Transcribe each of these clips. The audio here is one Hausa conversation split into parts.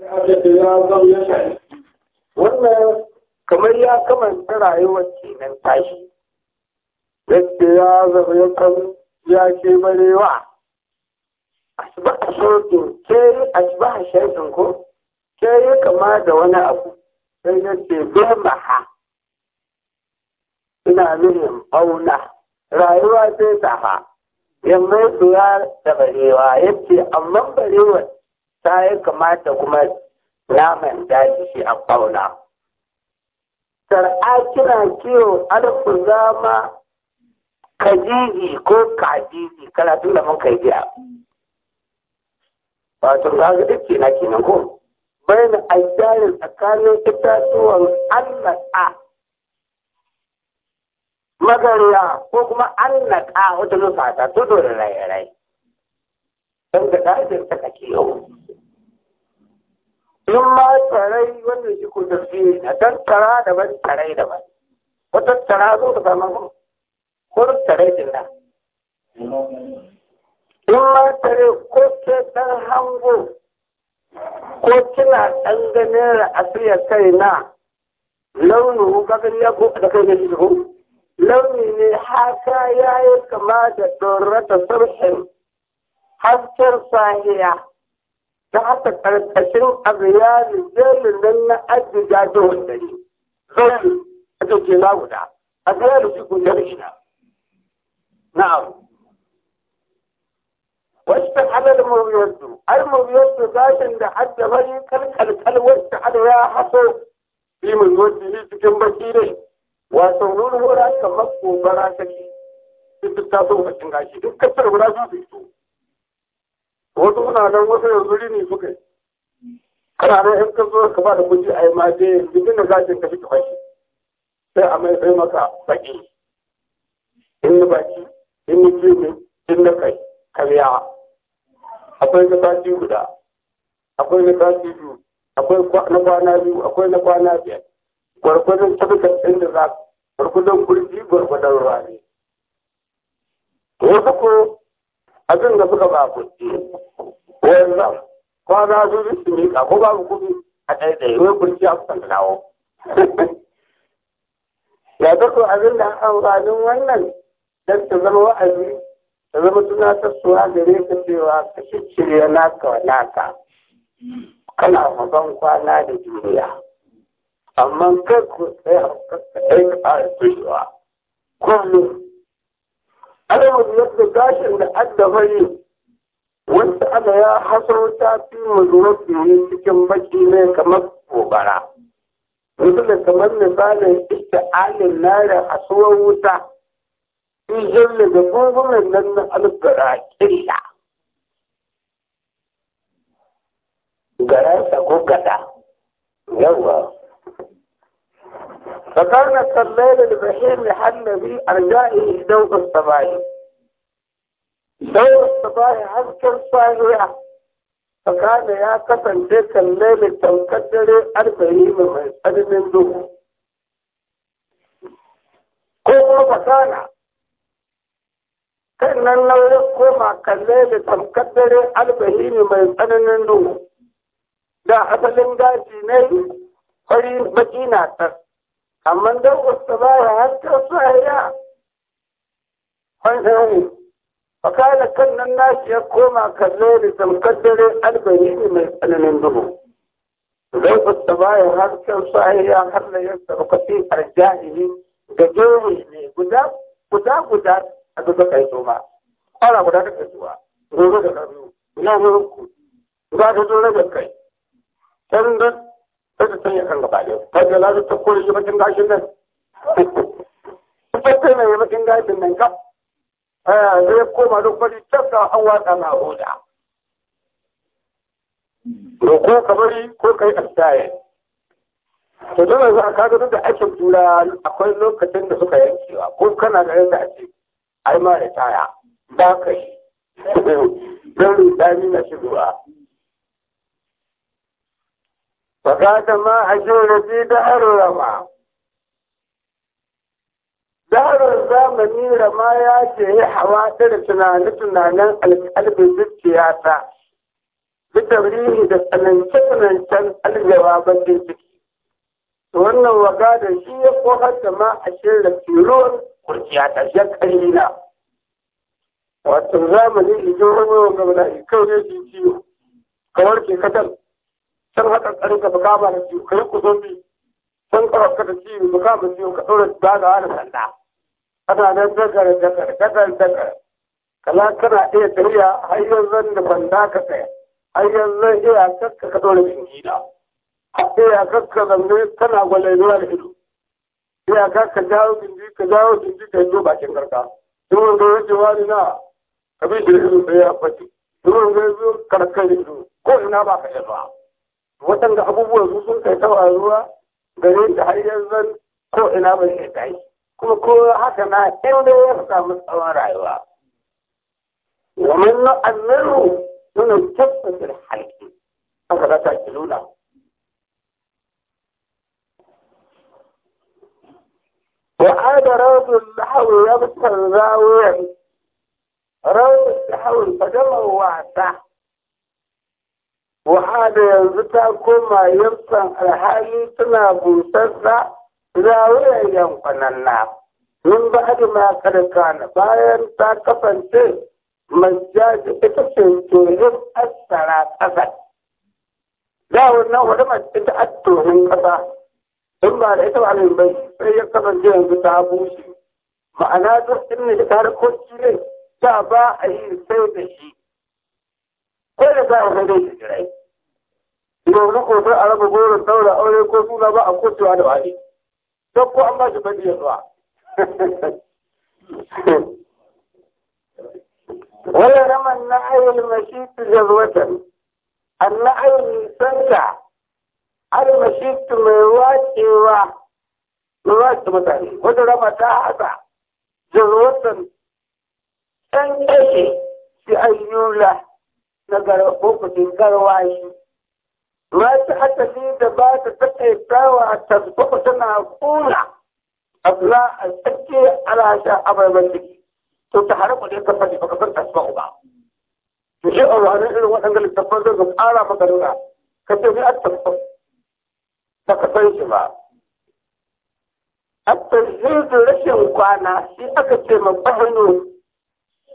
wannan kamar ya kamanta rayuwar kenan tashi yadda ya zama ya kan ya ke marewa a shay'in ke a ko ke yi kama da wani abu sai ya ce ha. ina nuhin auna rayuwa sai ta ha yamma ya da barewa yadda amma barewar ta yi kamata kuma naman daji shi a ƙauna. Sar'a kina kiwo arfu zama kajiji ko kajiji tun da muka kai biya. Wato ga ga duk na kenan ko bayan ajiyar tsakanin itatuwan annaka magariya ko kuma annaka wata nufata, ta tudu da rai-rai. Don da dajin ta kake yau. in ma wanda ya shi ko tafsiri a tattara daban tarai daban ko tattara zo ka zama ko ko tsarai din da in ma tare ko ce dan hango ko kina dan ganin ra'asiyar kai na launin ka gani ya ko da kai ne shi ko launi ne haka yayi kama da dorata sarhin hasken sahiya ta haka ƙarƙashin abiyarin jelin nan na ajiya da wandari zai a ke na guda a tsaye da shi shida na abu wasu ta halar mawuyarsu ai muriyarsu gashin da adda bari karkarkar wasu ta ya haso fi mai zo fili cikin baki ne wato wura kamar gobara ta ke duk ta so gashin gashi duk kasar guda su su wasu na nan wasu yanzu ne suka yi kana nan in ka zo ka ba da kuji a yi ma dai dubin da zafin ka fita fashi sai a mai sai maka baki in ni baki in ni jini in na kai karya akwai na sati guda akwai na sati biyu akwai na kwana biyu akwai na kwana biyar gwargwadon tabbatar ɗin da za gwargwadon kurji gwargwadon rani wasu ko abin da suka ba ku wayan eh, za kwana biyu su miƙa ko babu kuɗi a ɗaiɗai wai kurci a kusa dawo ya ta ko abin da amfanin wannan don ta zama wa'azi ta zama suna tunatarsuwa gare ka cewa ka shirya naka wa naka kana magan kwana da juriya. amma kai ku tsaya ka ɗaya ka fara kullum alamun yadda gashin da addabari wanda aka ya haso ta fi fiye cikin baki ne kamar gobara da kamar misalin alin nare tsohon wuta in jirle da gungunan nan na alfara kirya garansa ko gada فكان الليل البحير لحل بي أرجائه دوء الصباح دوء الصباح حذكر صاحبه فكان يا كفن ديك الليل التوكدر أربعين من من دوء كل فكان كان لو يقوم كالليل التوكدر أربعين من من دوء لا asalin daji ne fari baki amma dan wasu baya har ta saya hanzari fakala kan nan nashi ya koma Kalle da tamkar dare albari ne mai tsananin duhu zai wasu baya har ta saya har da ya sarkafi arjahili da jeri ne guda guda guda a duka kai soma ana guda da kasuwa gobe da kasuwa na wurin ku za ta zo da kai can sai ta sanya kan gaba da ta ga lafi ta kore shi bakin gashin nan ta kai mai bakin gashin nan kaf zai koma duk fari tafka an watsa na hoda ko ka bari ko kai astaye to don yanzu a kaga da ake tura akwai lokacin da suka yankewa ko kana da yadda ake ai ma da taya ba kai. yi don rudani na shigowa فقال ما أجول في دهر رما دهر zamani rama ya ce hawa da tunanin tunanen alƙalbin zuciyata bitabrihi da tsanance-tsanancen aljawa bakin ciki wannan waga da shi ya kohar da ma a shirya firuwar kurciya ta ya kalila wato zamani idan wani wanga da ikau ne ciwo kawar ke katal san hakan tsarin ka buka ba da ciwo kai ku zombi san kawaka da ciwo buka ba ciwo ka ɗora dagawa da sanda ana nan dagar dagar dagar dagar kala kana iya tafiya har yanzu da da ka tsaya har yanzu iya kakka ka ɗora jingina iya kakka zanne kana gwalainuwa da ido iya kakka jawo gindi ka jawo gindi ka yi bakin karka duwan ga yake wani na kabin da ido sai ya faci duwan ga yanzu karkar ido ko ina ba ka yi zuwa. waɗanda abubuwan su sun kai tawa ruwa gare ta har yanzu ko ina ba zai ta yi kuma ko haka na inda ya samu tsawon rayuwa ومن نؤمره من كفة الحلق أفلا تأكلونه وعاد راب اللحو يبسل ذاويا راب اللحو فجمع وعساه wahada yanzu ta koma yamsan alhali suna wuya zawiyar kwananna. min ba da na, bayan ta kasance majaji ita ce tonin asara ƙasa da wannan wadda ita a tonin kasa. in ba da ita ba bai sai ya kasance yanzu ta bushe ma'ana duk inda ta harkoki ne da ba a yi sai da shi sai da za a dai jirai domin ko sai a raba goron daura aure ko suna ba a kotuwa da wani don ko an ba shi bandiyar ruwa wala rama na'ayil mashitu jazwatan anna'ayil sanda almashitu mai wacewa mai wacewa. mutane wata rama ta hasa jazwatan ɗan ƙashe shi ayyula lokacin garwayi masu hatali da ba ta taƙaitawa ta zuba tana kula abla a tsakke alasha abarban ciki to ta haramu ne ka fashe baka san tasba ba to shi a ranar irin waɗanda littafan zai ƙara maka nuna ka ce ni a tasba ba ka san shi ba a tasbir rashin kwana shi aka ce ma bahinu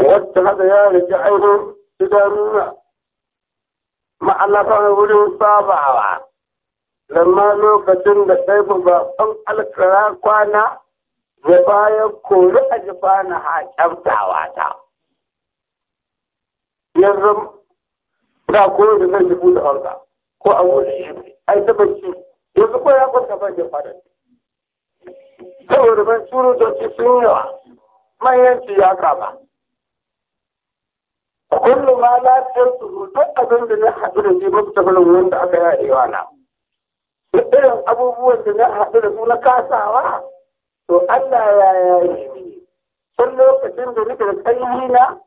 wata hada ya rage ainihin idanuna ma'allafan wurin sabawa zama lokacin da sai babban alkara kwana ya bayan kori a jibana na kyamtawa ta yanzu ba ko da zai jibu da orga ko a wuri shi ai ta bacci yanzu ko ya kwanta ban da fara saboda ban surutoci sun yawa manyanci ya kama kullu ma la su duk abin da na haɗu da shi ta gurin wanda aka yaɗewa na duk irin abubuwan da na haɗu da su na kasawa to Allah ya yi ni tun lokacin da nake da tsanyi na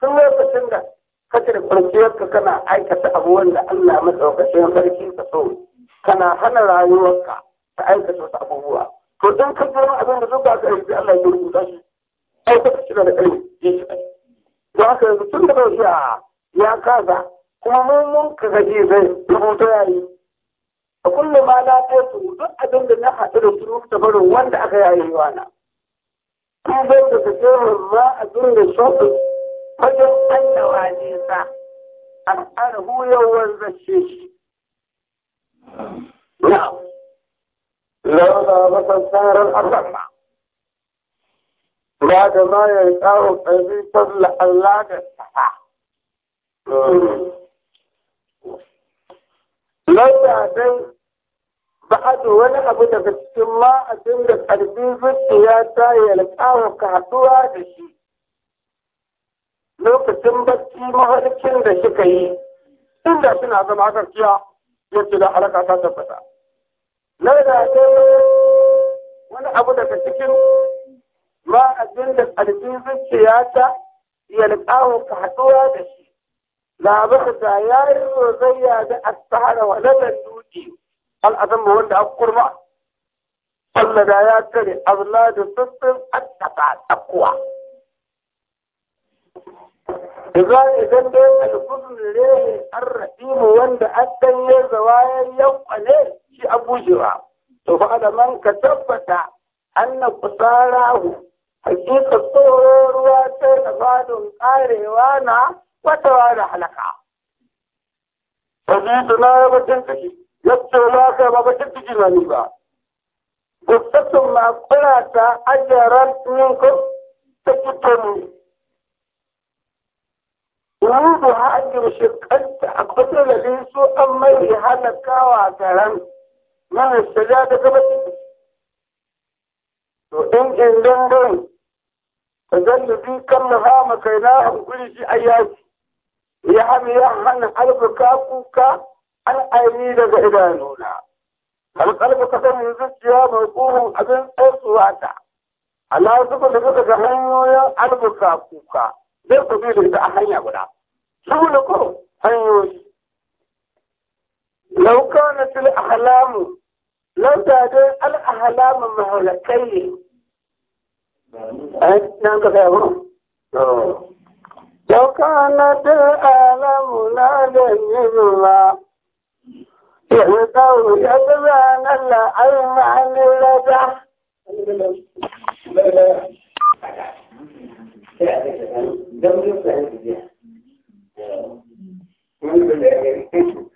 tun lokacin da kake da kwanciyarka kana aikata abubuwan da Allah matsaukacin sarki ka so kana hana rayuwarka ta aikata wasu abubuwa to don ka zama abin da zuba ka aiki Allah ya yi rubuta shi aikata shi da ƙarfi ya ci da aka yanzu tun da bai a ya kasa kuma mun mun ka gaji zai rubuta yayi a kullum ma na ta su duk abin da na haɗu da su ta barin wanda aka yayi yi na Ku zai da tafiyar ma a da shofi fagen annawa nesa al'arhu yawar zashe shi na'am لولا tsarar الأرض ba ma ya yi tsaro ɗarfifar la'alla da tsaha. Lauta dai ba a ce wani abu daga cikin ma'ajin da ƙarfi zuciya ta yi alƙawar kaduwa da shi lokacin bacci maharkin da suka yi inda suna zama gaskiya ya ce da halaka ta tabbata. Lauta dai wani abu daga cikin ma abin da ƙarfin zuciyata ya liƙawo ka haɗuwa da shi labar da ya yi rozayya da asahara wa lalar duki al'azamma wanda an kurma Allah da ya kare abla da sassan an taɓa tsakuwa. Iza idan dai alfuzun rehin an raɗimu wanda an ɗanye zawayen yankwale shi an bushewa. To fa man ka tabbata an na hakika tsoron ruwa sai na karewa na watawa da halaka sabidu na ya bakin ciki yadda na kai ba bakin ciki na ni ba gustatun ma kula ta ajiyarar ninku ta ne. Wudu hajjin shirkanta a kusa da su an mai halakawa garan mana shiga da gabatin to in jin dandarin فجلدي كم نظام كيناه كل شيء أياتي ya hana ya hana kalbuka kuka al'aini daga idanuna. Kalkalbuka ta mai zuciya mai kuhun abin tsotsuwa ta. Allah zuba da daga hanyoyin albuka kuka zai ku da ita a hanya guda. Su ko hanyoyi. Lauka na fil ahlamu, lauta dai al'ahlamu mahalakai Nan kasa yabo? Yauka na ta alamu na ganye zuwa, yanzu tsawo ya zuwa na la'arma ne rata. Don't